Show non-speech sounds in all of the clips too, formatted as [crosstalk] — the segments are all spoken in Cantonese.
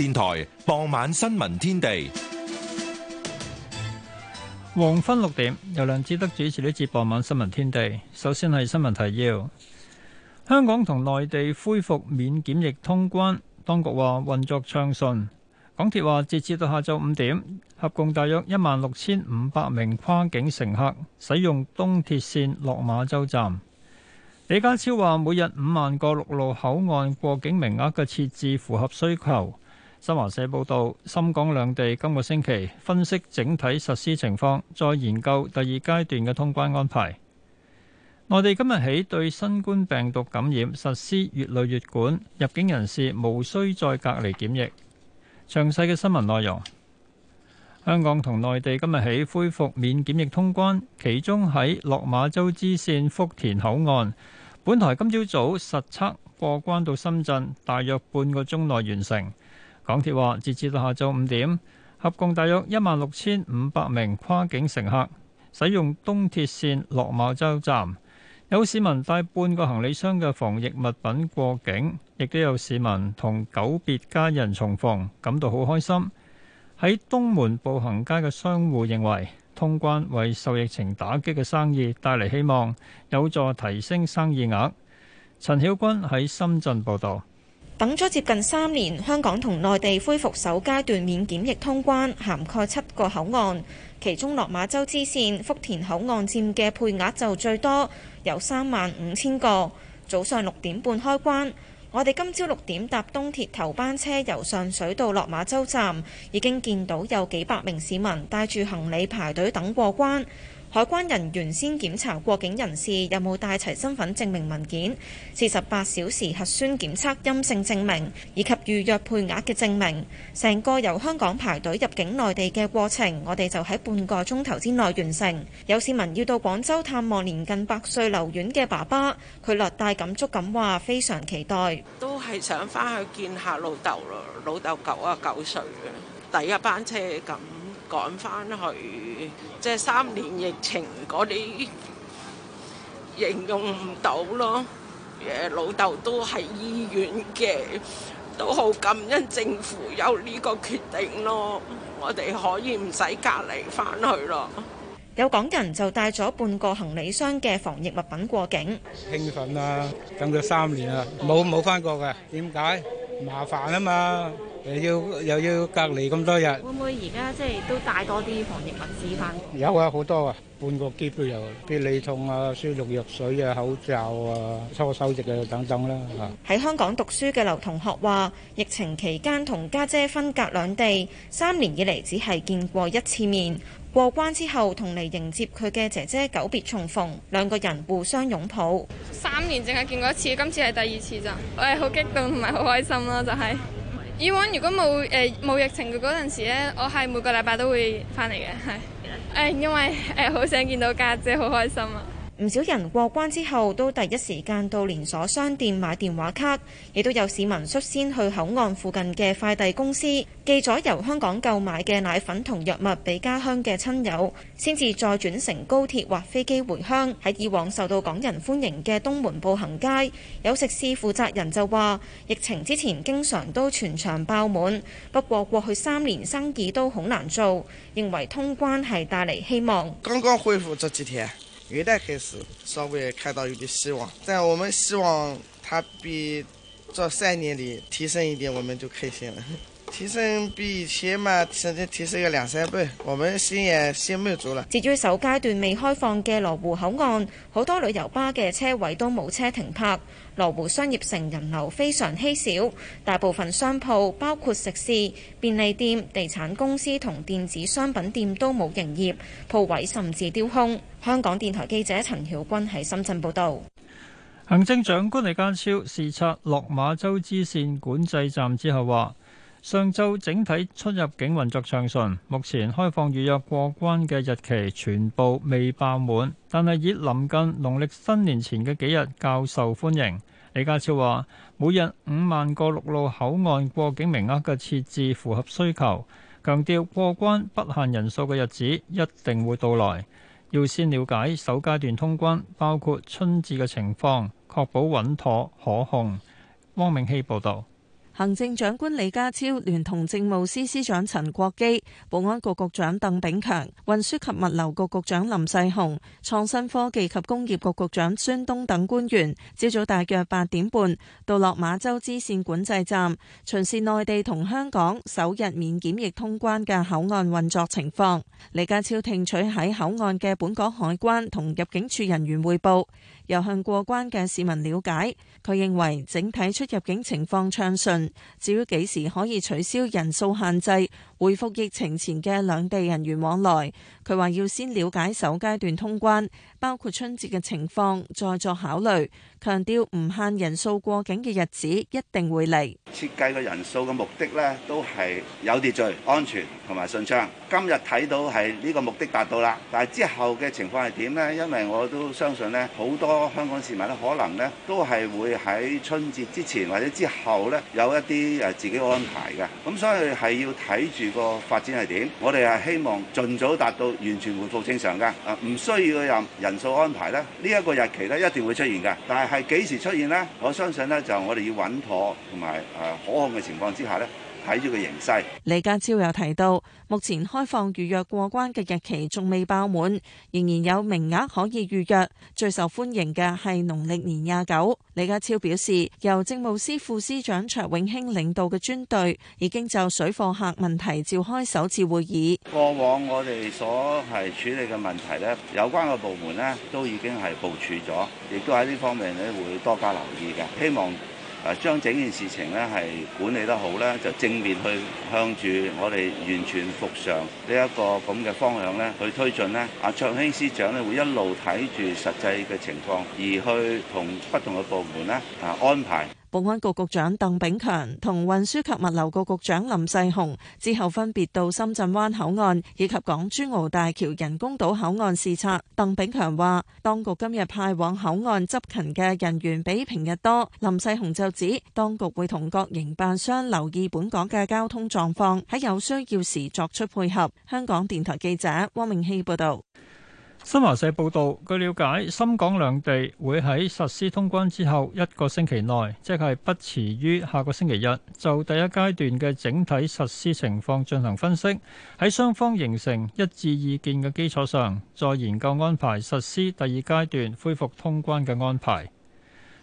電台傍晚新聞天地，黃昏六點由梁志德主持呢節傍晚新聞天地。首先係新聞提要：香港同內地恢復免檢疫通關，當局話運作暢順。港鐵話，截至到下晝五點，合共大約一萬六千五百名跨境乘客使用東鐵線落馬洲站。李家超話，每日五萬個陸路口岸過境名額嘅設置符合需求。新華社報道，深港兩地今個星期分析整體實施情況，再研究第二階段嘅通關安排。內地今日起對新冠病毒感染實施乙類乙管，入境人士無需再隔離檢疫。詳細嘅新聞內容，香港同內地今日起恢復免檢疫通關，其中喺落馬洲支線福田口岸，本台今朝早，早實測過關到深圳，大約半個鐘內完成。港鐵話，截至到下晝五點，合共大約一萬六千五百名跨境乘客使用東鐵線落馬洲站，有市民帶半個行李箱嘅防疫物品過境，亦都有市民同久別家人重逢，感到好開心。喺東門步行街嘅商戶認為，通關為受疫情打擊嘅生意帶嚟希望，有助提升生意額。陳曉君喺深圳報道。等咗接近三年，香港同內地恢復首階段免檢疫通關，涵蓋七個口岸，其中落馬洲支線福田口岸佔嘅配額就最多，有三萬五千個。早上六點半開關，我哋今朝六點搭東鐵頭班車由上水到落馬洲站，已經見到有幾百名市民帶住行李排隊等過關。海關人員先檢查過境人士有冇帶齊身份證明文件、四十八小時核酸檢測陰性證明以及預約配額嘅證明。成個由香港排隊入境內地嘅過程，我哋就喺半個鐘頭之內完成。有市民要到廣州探望年近百歲留院嘅爸爸，佢略帶感觸咁話：非常期待，都係想翻去見下老豆咯。老豆九十九歲啦，第一班車咁趕翻去。即係三年疫情嗰啲形容唔到咯，誒老豆都喺醫院嘅，都好感恩政府有呢個決定咯，我哋可以唔使隔離翻去咯。有港人就帶咗半個行李箱嘅防疫物品過境，興奮啊！等咗三年啊，冇冇翻過嘅，點解？麻煩啊嘛！又要又要隔離咁多日，會唔會而家即係都帶多啲防疫物資返？有啊，好多啊，半個篋都有，必理痛啊、消毒藥水啊、口罩啊、搓手液啊等等啦、啊。喺香港讀書嘅劉同學話，疫情期間同家姐分隔兩地，三年以嚟只係見過一次面。過關之後，同嚟迎接佢嘅姐姐，久別重逢，兩個人互相擁抱。三年淨係見過一次，今次係第二次咋。我係好激動，同埋好開心啦，就係、是。以往如果冇誒冇疫情嘅嗰陣時咧，我係每個禮拜都會翻嚟嘅，係誒， [laughs] 因為誒好、呃、想見到家姐，好開心啊！唔少人過關之後都第一時間到連鎖商店買電話卡，亦都有市民率先去口岸附近嘅快遞公司寄咗由香港購買嘅奶粉同藥物俾家鄉嘅親友，先至再轉乘高鐵或飛機回鄉。喺以往受到港人歡迎嘅東門步行街，有食肆負責人就話：疫情之前經常都全場爆滿，不過過去三年生意都好難做，認為通關係帶嚟希望。剛剛恢復這幾天。元旦開始，稍微看到有點希望。但我們希望，它比這三年裏提升一點，我們就開心了。 [laughs] 提升比以前嘛，提升個兩三倍，我們心也心滿足啦。至於首階段未開放嘅羅湖口岸，好多旅遊巴嘅車位都冇車停泊，羅湖商業城人流非常稀少，大部分商鋪包括食肆、便利店、地產公司同電子商品店都冇營業，鋪位甚至丟空。香港電台記者陳曉君喺深圳報道。行政長官李家超視察落馬洲支線管制站之後話，上週整體出入境運作暢順，目前開放預約過關嘅日期全部未爆滿，但係已臨近農曆新年前嘅幾日較受歡迎。李家超話：每日五萬個陸路口岸過境名額嘅設置符合需求，強調過關不限人數嘅日子一定會到來，要先了解首階段通關，包括春節嘅情況，確保穩妥可控。汪明希報導。行政長官李家超，聯同政務司司長陳國基、保安局局長鄧炳強、運輸及物流局局長林世雄、創新科技及工業局局長孫東等官員，朝早大約八點半到落馬洲支綫管制站，巡視內地同香港首日免檢疫通關嘅口岸運作情況。李家超聽取喺口岸嘅本港海關同入境處人員匯報。又向過關嘅市民了解，佢認為整體出入境情況暢順，至於幾時可以取消人數限制，恢復疫情前嘅兩地人員往來，佢話要先了解首階段通關，包括春節嘅情況再作考慮。強調唔限人數過境嘅日子一定會嚟。設計嘅人數嘅目的咧，都係有秩序、安全同埋順暢。今日睇到係呢個目的達到啦，但係之後嘅情況係點咧？因為我都相信咧，好多香港市民咧，可能咧都係會喺春節之前或者之後咧有一啲誒自己安排嘅，咁所以係要睇住。個發展係點？我哋係希望盡早達到完全恢復正常㗎。啊，唔需要任人數安排咧。呢、這、一個日期咧，一定會出現㗎。但係係幾時出現咧？我相信咧，就我哋要穩妥同埋誒可控嘅情況之下咧。睇住個形勢，李家超又提到，目前開放預約過關嘅日期仲未爆滿，仍然有名額可以預約。最受歡迎嘅係農曆年廿九。李家超表示，由政務司副司長卓永興領導嘅專隊已經就水貨客問題召開首次會議。過往我哋所係處理嘅問題咧，有關嘅部門咧都已經係部署咗，亦都喺呢方面咧會多加留意嘅，希望。啊！將整件事情咧係管理得好咧，就正面去向住我哋完全復常呢一個咁嘅方向咧去推進咧。阿卓興司長咧會一路睇住實際嘅情況，而去同不同嘅部門咧啊安排。保安局局長鄧炳強同運輸及物流局局長林世雄之後分別到深圳灣口岸以及港珠澳大橋人工島口岸視察。鄧炳強話，當局今日派往口岸執勤嘅人員比平日多。林世雄就指，當局會同各營辦商留意本港嘅交通狀況，喺有需要時作出配合。香港電台記者汪明熙報道。新華社報道，據了解，深港兩地會喺實施通關之後一個星期內，即係不遲於下個星期日，就第一階段嘅整體實施情況進行分析，喺雙方形成一致意見嘅基礎上，再研究安排實施第二階段恢復通關嘅安排。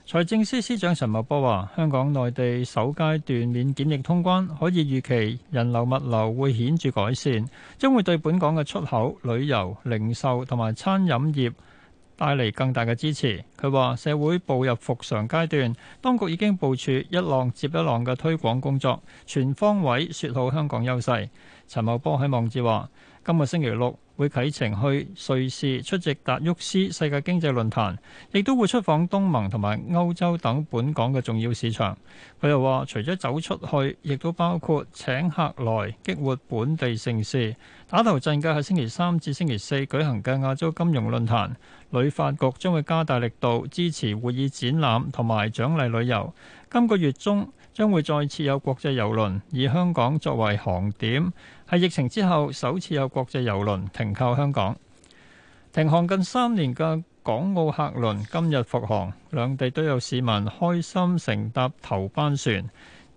財政司司長陳茂波話：香港內地首階段免檢疫通關，可以預期人流物流會顯著改善，將會對本港嘅出口、旅遊、零售同埋餐飲業帶嚟更大嘅支持。佢話：社會步入復常階段，當局已經部署一浪接一浪嘅推廣工作，全方位説好香港優勢。陳茂波喺網誌話，今日星期六會啟程去瑞士出席達沃斯世界經濟論壇，亦都會出訪東盟同埋歐洲等本港嘅重要市場。佢又話，除咗走出去，亦都包括請客來，激活本地城市。打頭陣嘅係星期三至星期四舉行嘅亞洲金融論壇，旅發局將會加大力度支持會議展覽同埋獎勵旅遊。今個月中將會再次有國際郵輪，以香港作為航點。喺疫情之後首次有國際郵輪停靠香港，停航近三年嘅港澳客輪今日復航，兩地都有市民開心乘搭頭班船。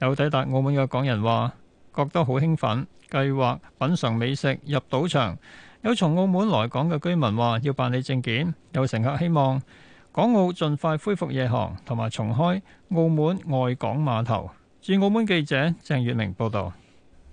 有抵達澳門嘅港人話覺得好興奮，計劃品嚐美食、入賭場。有從澳門來港嘅居民話要辦理證件。有乘客希望港澳盡快恢復夜航同埋重開澳門外港碼頭。駐澳門記者鄭月明報導。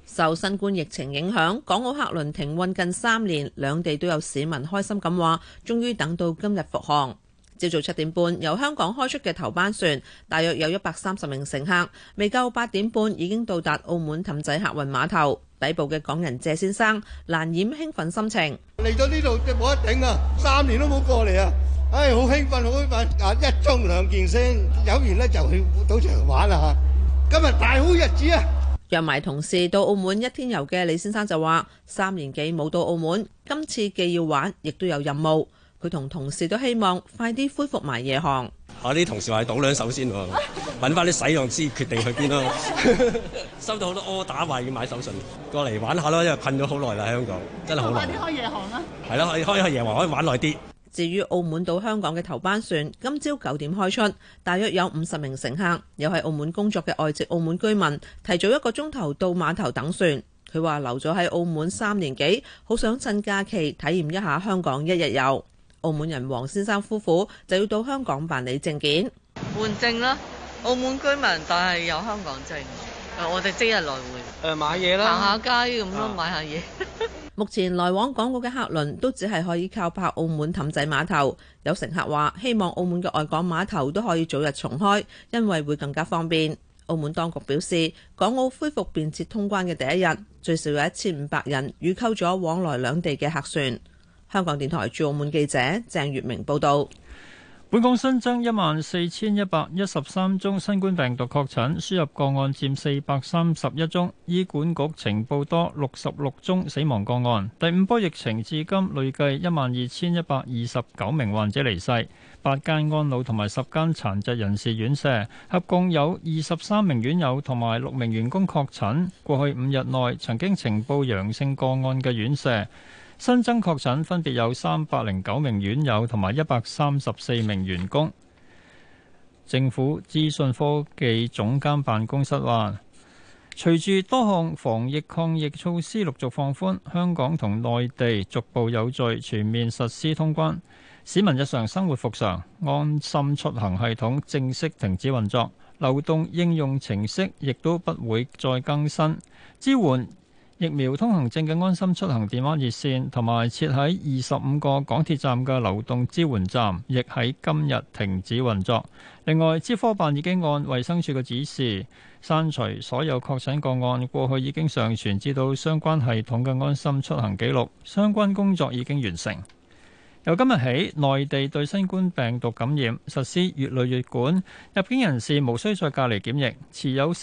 受新冠疫情影響，港澳客輪停運近三年，兩地都有市民開心咁話，終於等到今日復航。朝早七點半由香港開出嘅頭班船，大約有一百三十名乘客，未夠八點半已經到達澳門氹仔客運碼頭。底部嘅港人謝先生難掩興，興奮心情：嚟到呢度就冇得頂啊，三年都冇過嚟啊！唉、哎，好興奮，好興奮，一盅兩件先，飲完呢就去賭場玩啦吓！今日大好日子啊！約埋同事到澳門一天遊嘅李先生就話，三年幾冇到澳門，今次既要玩亦都有任務。佢同同事都希望快啲恢復埋夜航。至於澳門到香港嘅頭班船，今朝九點開出，大約有五十名乘客，有喺澳門工作嘅外籍澳門居民，提早一個鐘頭到碼頭等船。佢話留咗喺澳門三年幾，好想趁假期體驗一下香港一日遊。澳門人黃先生夫婦就要到香港辦理證件。換證啦。澳門居民但係有香港證。我哋即日來回，誒買嘢啦，行下街咁咯，買下嘢。目前來往港澳嘅客輪都只係可以靠泊澳門氹仔碼頭。有乘客話希望澳門嘅外港碼頭都可以早日重開，因為會更加方便。澳門當局表示，港澳恢復便捷通關嘅第一日最少有一千五百人預購咗往來兩地嘅客船。香港電台駐澳門記者鄭月明報道。本港新增一萬四千一百一十三宗新冠病毒確診，輸入個案佔四百三十一宗。醫管局呈報多六十六宗死亡個案。第五波疫情至今累計一萬二千一百二十九名患者離世。八間安老同埋十間殘疾人士院舍合共有二十三名院友同埋六名員工確診，過去五日內曾經呈報陽性個案嘅院舍。新增確診分別有三百零九名院友同埋一百三十四名員工。政府資訊科技總監辦公室話：隨住多項防疫抗疫措施陸續放寬，香港同內地逐步有序全面實施通關，市民日常生活復常，安心出行系統正式停止運作，流動應用程式亦都不會再更新支援。疫苗通行證嘅安心出行電話熱線同埋設喺二十五個港鐵站嘅流動支援站，亦喺今日停止運作。另外，資科辦已經按衛生署嘅指示刪除所有確診個案過去已經上傳至到相關系統嘅安心出行記錄，相關工作已經完成。由今日起內地對新冠病毒感染實施越來越管，入境人士無需再隔離檢疫持有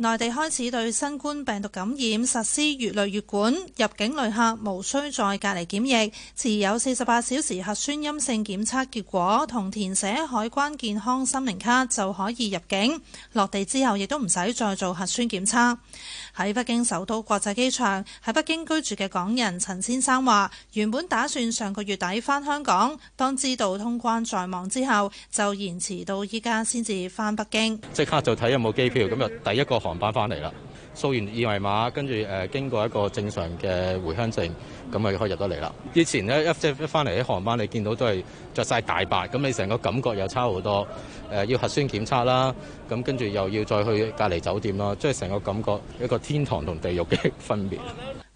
內地開始對新冠病毒感染實施乙類乙管，入境旅客無需再隔離檢疫，持有四十八小時核酸陰性檢測結果同填寫海關健康申明卡就可以入境。落地之後亦都唔使再做核酸檢測。喺北京首都國際機場，喺北京居住嘅港人陳先生話，原本打算上個月底返香港，當知道通關在望之後，就延遲到依家先至返北京。即刻就睇有冇機票，咁就第一個。航班翻嚟啦，掃完二維碼，跟住誒、呃、經過一個正常嘅回鄉證，咁咪可以入得嚟啦。以前咧，一即一翻嚟啲航班，你見到都係着晒大白，咁你成個感覺又差好多。誒、呃、要核酸檢測啦，咁跟住又要再去隔離酒店咯，即係成個感覺一個天堂同地獄嘅分別。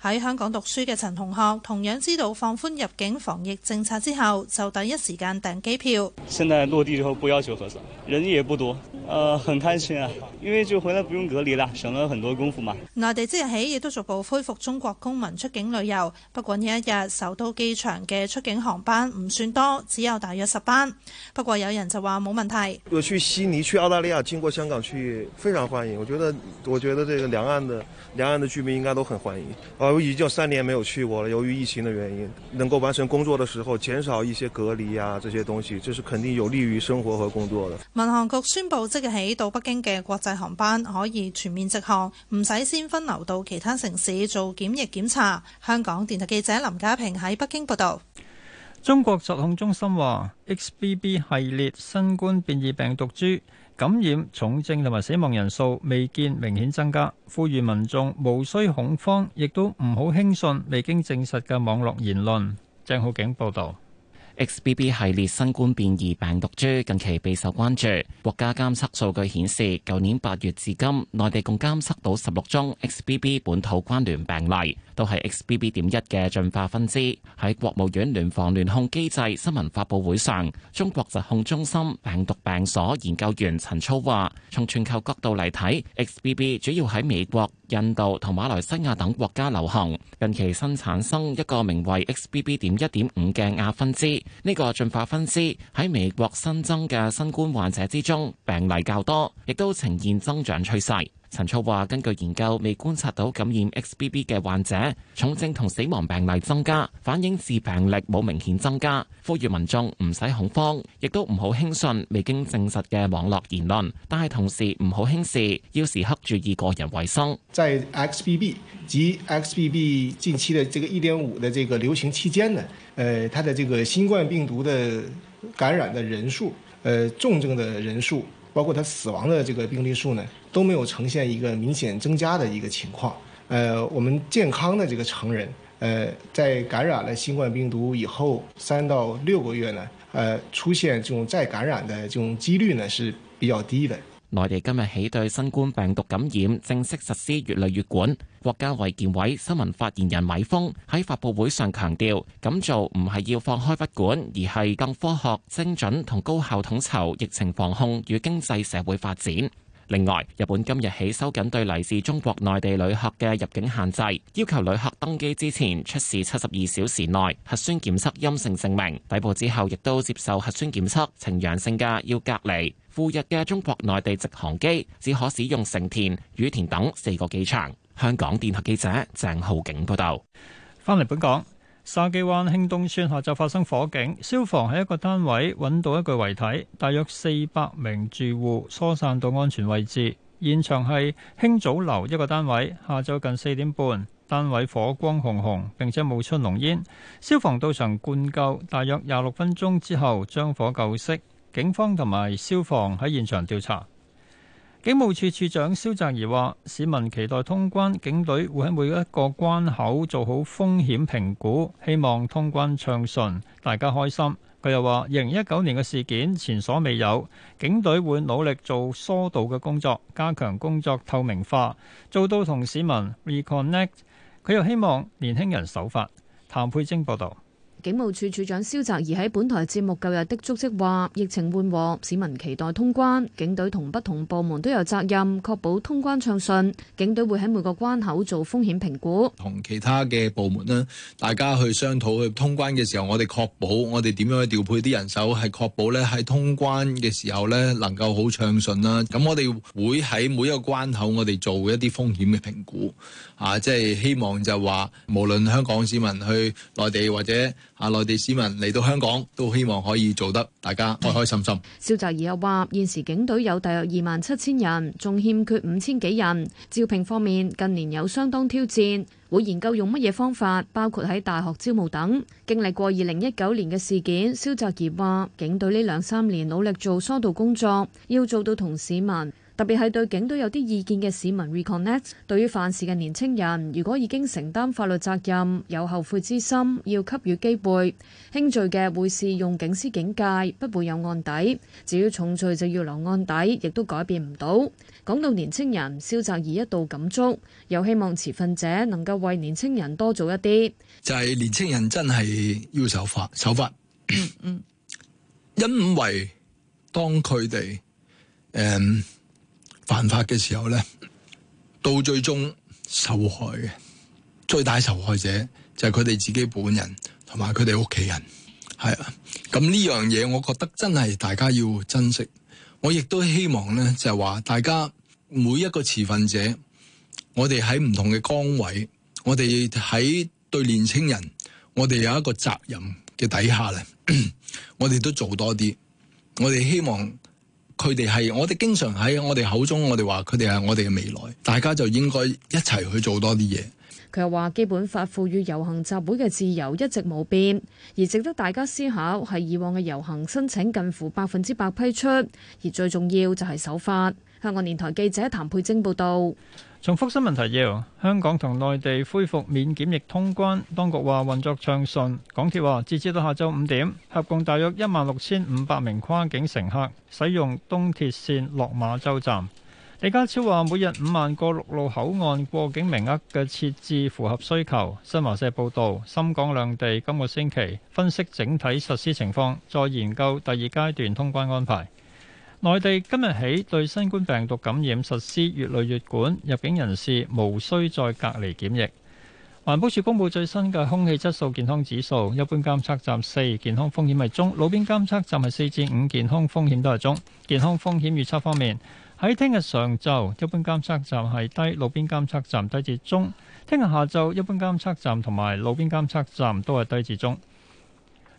喺香港讀書嘅陳同學同樣知道放寬入境防疫政策之後，就第一時間訂機票。現在落地之後不要求核酸，人也不多，呃，很開心啊，因為就回來不用隔離啦，省了很多功夫嘛。內地即日起亦都逐步恢復中國公民出境旅遊，不過呢一日首都機場嘅出境航班唔算多，只有大約十班。不過有人就話冇問題。我去悉尼去澳大利亞經過香港去，非常歡迎。我覺得，我覺得這個兩岸的兩岸的居民應該都很歡迎，我已經三年沒有去過了。由於疫情的原因，能夠完成工作的時候，減少一些隔離啊，這些東西，這、就是肯定有利於生活和工作的。民航局宣布即，即日起到北京嘅國際航班可以全面直航，唔使先分流到其他城市做檢疫檢查。香港電台記者林家平喺北京報道。中國疾控中心話，XBB 系列新冠變異病毒株。感染、重症同埋死亡人數未見明顯增加，呼籲民眾無需恐慌，亦都唔好輕信未經證實嘅網絡言論，鄭浩景報道。XBB 系列新冠變異病毒株近期備受關注。國家監測數據顯示，舊年八月至今，內地共監測到十六宗 XBB 本土關聯病例，都係 XBB 點一嘅進化分支。喺國務院聯防聯控機制新聞發佈會上，中國疾控中心病毒病所研究員陳操話，從全球角度嚟睇，XBB 主要喺美國、印度同馬來西亞等國家流行，近期新產生一個名為 XBB 點一點五嘅亞分支。呢個進化分支喺美國新增嘅新冠患者之中病例較多，亦都呈現增長趨勢。陳楚話：根據研究，未觀察到感染 XBB 嘅患者重症同死亡病例增加，反映致病力冇明顯增加。呼籲民眾唔使恐慌，亦都唔好輕信未經證實嘅網絡言論，但係同時唔好輕視，要時刻注意個人衞生。在 XBB 及 XBB 近期的這個一點五的這個流行期間呢，呃，它的這個新冠病毒的感染的人數，呃，重症的人數，包括它死亡的這個病例數呢，都沒有呈現一個明顯增加的一個情況。呃，我們健康的這個成人，呃，在感染了新冠病毒以後三到六個月呢，呃，出現這種再感染的這種幾率呢是比較低的。內地今日起對新冠病毒感染正式實施乙類乙管。國家衛健委新聞發言人米峰喺發布會上強調，咁做唔係要放開不管，而係更科學、精準同高效統籌疫情防控與經濟社會發展。另外，日本今日起收緊對嚟自中國內地旅客嘅入境限制，要求旅客登機之前出示七十二小時內核酸檢測陰性證明。抵埗之後亦都接受核酸檢測，呈陽性嘅要隔離。赴日嘅中國內地直航機只可使用成田、羽田等四個機場，香港電台記者鄭浩景報道。翻嚟本港。筲箕灣興東村下晝發生火警，消防喺一個單位搵到一具遺體，大約四百名住戶疏散到安全位置。現場係興祖樓一個單位，下晝近四點半，單位火光紅紅，並且冒出濃煙。消防到場灌救，大約廿六分鐘之後將火救熄。警方同埋消防喺現場調查。警務處處長蕭澤頤話：市民期待通關，警隊會喺每一個關口做好風險評估，希望通關暢順，大家開心。佢又話：二零一九年嘅事件前所未有，警隊會努力做疏導嘅工作，加強工作透明化，做到同市民 reconnect。佢又希望年輕人守法。譚佩晶報道。警務處處長蕭澤頤喺本台節目舊日的足跡話：疫情緩和，市民期待通關，警隊同不同部門都有責任確保通關暢順。警隊會喺每個關口做風險評估，同其他嘅部門呢，大家去商討去通關嘅時候，我哋確保我哋點樣去調配啲人手，係確保呢喺通關嘅時候呢能夠好暢順啦。咁我哋會喺每一個關口我哋做一啲風險嘅評估，啊，即係希望就話無論香港市民去內地或者。啊！內地市民嚟到香港，都希望可以做得大家開開心心。蕭澤怡又話：現時警隊有大約二萬七千人，仲欠缺五千幾人。招聘方面近年有相當挑戰，會研究用乜嘢方法，包括喺大學招募等。經歷過二零一九年嘅事件，蕭澤怡話警隊呢兩三年努力做疏導工作，要做到同市民，特別係對警隊有啲意見嘅市民 reconnect，對於犯事嘅年青人，如果已經承擔法律責任，有後悔之心，要給予機會。輕罪嘅會適用警司警戒，不會有案底。至於重罪就要留案底，亦都改變唔到。講到年青人，蕭澤頤一度感觸，又希望持份者能夠為年青人多做一啲。就係年青人真係要守法，守法。咳咳因為當佢哋犯法嘅時候呢，到最終受害嘅最大受害者就係佢哋自己本人同埋佢哋屋企人，係啊。咁呢樣嘢，我覺得真係大家要珍惜。我亦都希望呢，就係話大家每一個持份者，我哋喺唔同嘅崗位，我哋喺對年青人，我哋有一個責任嘅底下呢，我哋都做多啲，我哋希望。佢哋係，我哋經常喺我哋口中，我哋話佢哋係我哋嘅未來，大家就應該一齊去做多啲嘢。佢又話，《基本法》賦予遊行集會嘅自由一直冇變，而值得大家思考，係以往嘅遊行申請近乎百分之百批出，而最重要就係守法。香港電台記者譚佩貞報道。重複新聞提要：香港同內地恢復免檢疫通關，當局話運作暢順。港鐵話，截至到下晝五點，合共大約一萬六千五百名跨境乘客使用東鐵線落馬洲站。李家超話，每日五萬個陸路口岸過境名額嘅設置符合需求。新華社報道，深港兩地今個星期分析整體實施情況，再研究第二階段通關安排。內地今日起對新冠病毒感染實施乙類乙管，入境人士無需再隔離檢疫。環保署公布最新嘅空氣質素健康指數，一般監測站四，健康風險係中；路邊監測站係四至五，健康風險都係中。健康風險預測方面，喺聽日上晝，一般監測站係低，路邊監測站低至中；聽日下晝，一般監測站同埋路邊監測站都係低至中。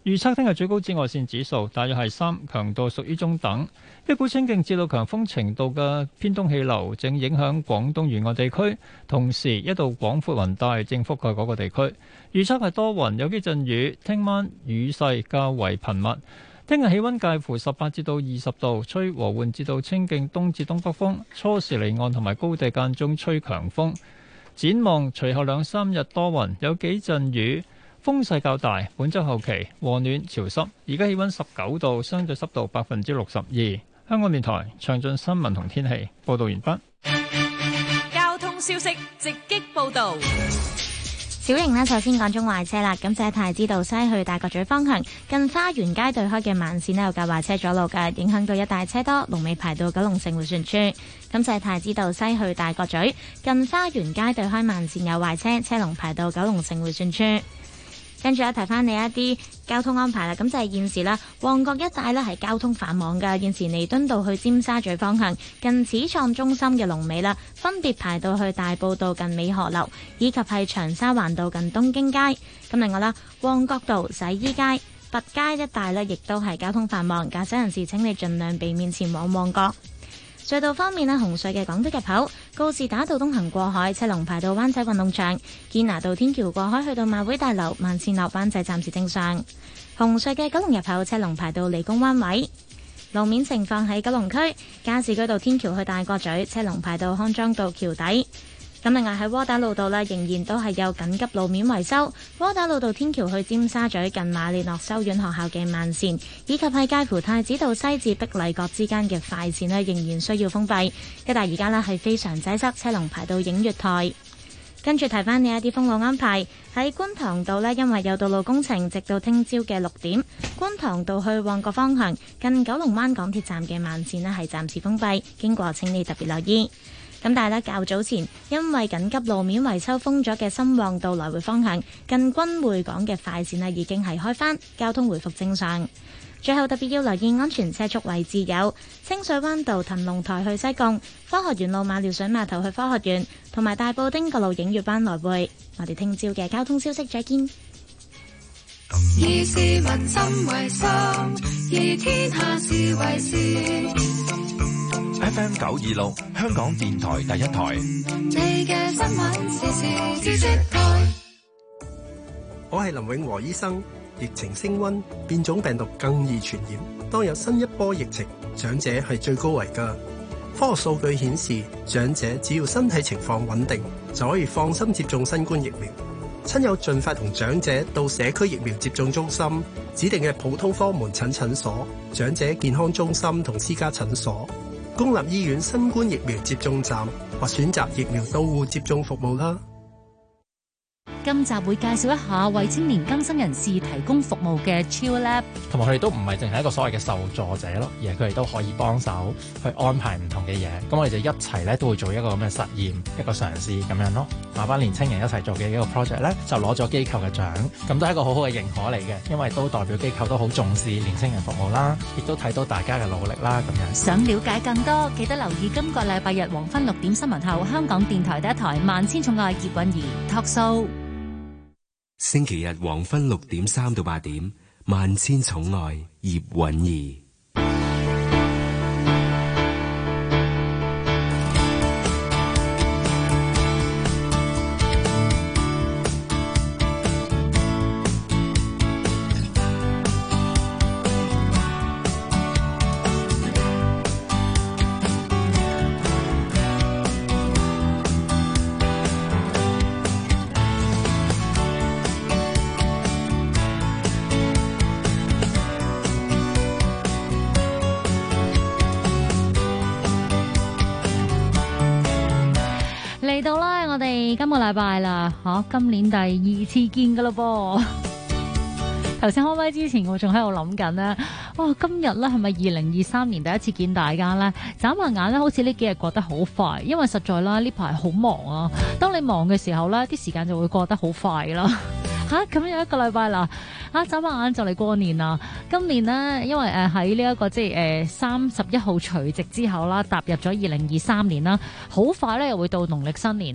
預測聽日最高紫外線指數大約係三，強度屬於中等。一股清勁至到強風程度嘅偏東氣流正影響廣東沿岸地區，同時一道廣闊雲帶正覆蓋嗰個地區。預測係多雲，有幾陣雨。聽晚雨勢較為頻密。聽日氣温介乎十八至到二十度，吹和緩至到清勁東至東北風。初時離岸同埋高地間中吹強風。展望隨後兩三日多雲，有幾陣雨。風勢較大，本周後期和暖潮濕。而家氣溫十九度，相對濕度百分之六十二。香港電台詳盡新聞同天氣報道完畢。交通消息直擊報道。小瑩呢，首先講中壞車啦。咁在太子道西去大角咀方向，近花園街對開嘅慢線咧有架壞車阻路嘅，影響到一帶車多，龍尾排到九龍城迴旋處。咁在太子道西去大角咀近花園街對開慢線有壞車，車龍排到九龍城迴旋處。跟住呢提翻你一啲交通安排啦，咁就係現時啦，旺角一帶呢係交通繁忙嘅，現時彌敦道去尖沙咀方向近始創中心嘅龍尾啦，分別排到去大埔道近美荷樓以及係長沙灣道近東京街。咁另外啦，旺角道、洗衣街、弼街一帶呢，亦都係交通繁忙，駕駛人士請你盡量避免前往旺角。隧道方面啊，紅隧嘅港島入口告士打道東行過海，車龍排到灣仔運動場；堅拿道天橋過海去到馬會大樓，萬線落灣仔暫時正常。紅隧嘅九龍入口車龍排到理工灣位，路面情況喺九龍區加士居道天橋去大角咀，車龍排到康莊道橋底。咁另外喺窩打路道呢，仍然都係有緊急路面維修。窩打路道天橋去尖沙咀近瑪利諾修院學校嘅慢線，以及喺介乎太子道西至碧麗閣之間嘅快線呢，仍然需要封閉。但係而家呢，係非常擠塞，車龍排到映月台。跟住提翻你一啲封路安排喺觀塘道呢，因為有道路工程，直到聽朝嘅六點，觀塘道去旺角方向近九龍灣港鐵站嘅慢線呢，係暫時封閉，經過請你特別留意。咁但係咧，較早前因為緊急路面維修封咗嘅深旺道來回方向，近君匯港嘅快線咧已經係開返，交通回復正常。最後特別要留意安全車速位置，有清水灣道騰龍台去西貢、科學園路馬料水碼頭去科學園，同埋大埔汀角路影月班來回。我哋聽朝嘅交通消息再見。以市民心為心，以天下事為事。FM 九二六，香港電台第一台。我係林永和醫生。疫情升温，變種病毒更易傳染。當有新一波疫情，長者係最高危噶。科學數據顯示，長者只要身體情況穩定，就可以放心接種新冠疫苗。親友盡快同長者到社區疫苗接種中心、指定嘅普通科門診診所、長者健康中心同私家診所。公立醫院新冠疫苗接種站，或選擇疫苗到戶接種服務啦。今集會介紹一下為青年更新人士提供服務嘅 Chill Lab，同埋佢哋都唔係淨係一個所謂嘅受助者咯，而係佢哋都可以幫手去安排唔同嘅嘢。咁我哋就一齊咧都會做一個咁嘅實驗，一個嘗試咁樣咯。嗱，班年青人一齊做嘅一個 project 咧就攞咗機構嘅獎，咁都係一個好好嘅認可嚟嘅，因為都代表機構都好重視年青人服務啦，亦都睇到大家嘅努力啦咁樣。想了解更多，記得留意今個禮拜日黃昏六點新聞後，香港電台第一台萬千寵愛葉蘊儀 Talk Show。星期日黃昏六點三到八點萬千寵愛葉韻兒。拜拜啦！嚇、啊，今年第二次見噶啦噃。頭 [laughs] 先開麥之前，我仲喺度諗緊呢。哇，今日咧係咪二零二三年第一次見大家呢？眨下眼咧，好似呢幾日過得好快，因為實在啦，呢排好忙啊。當你忙嘅時候呢，啲時間就會過得好快啦。嚇、 [laughs] 啊，咁有一個禮拜嗱，嚇眨下眼就嚟過年啦。今年呢，因為誒喺呢一個即係誒三十一號除夕之後啦，踏入咗二零二三年啦，好快咧又會到農曆新年。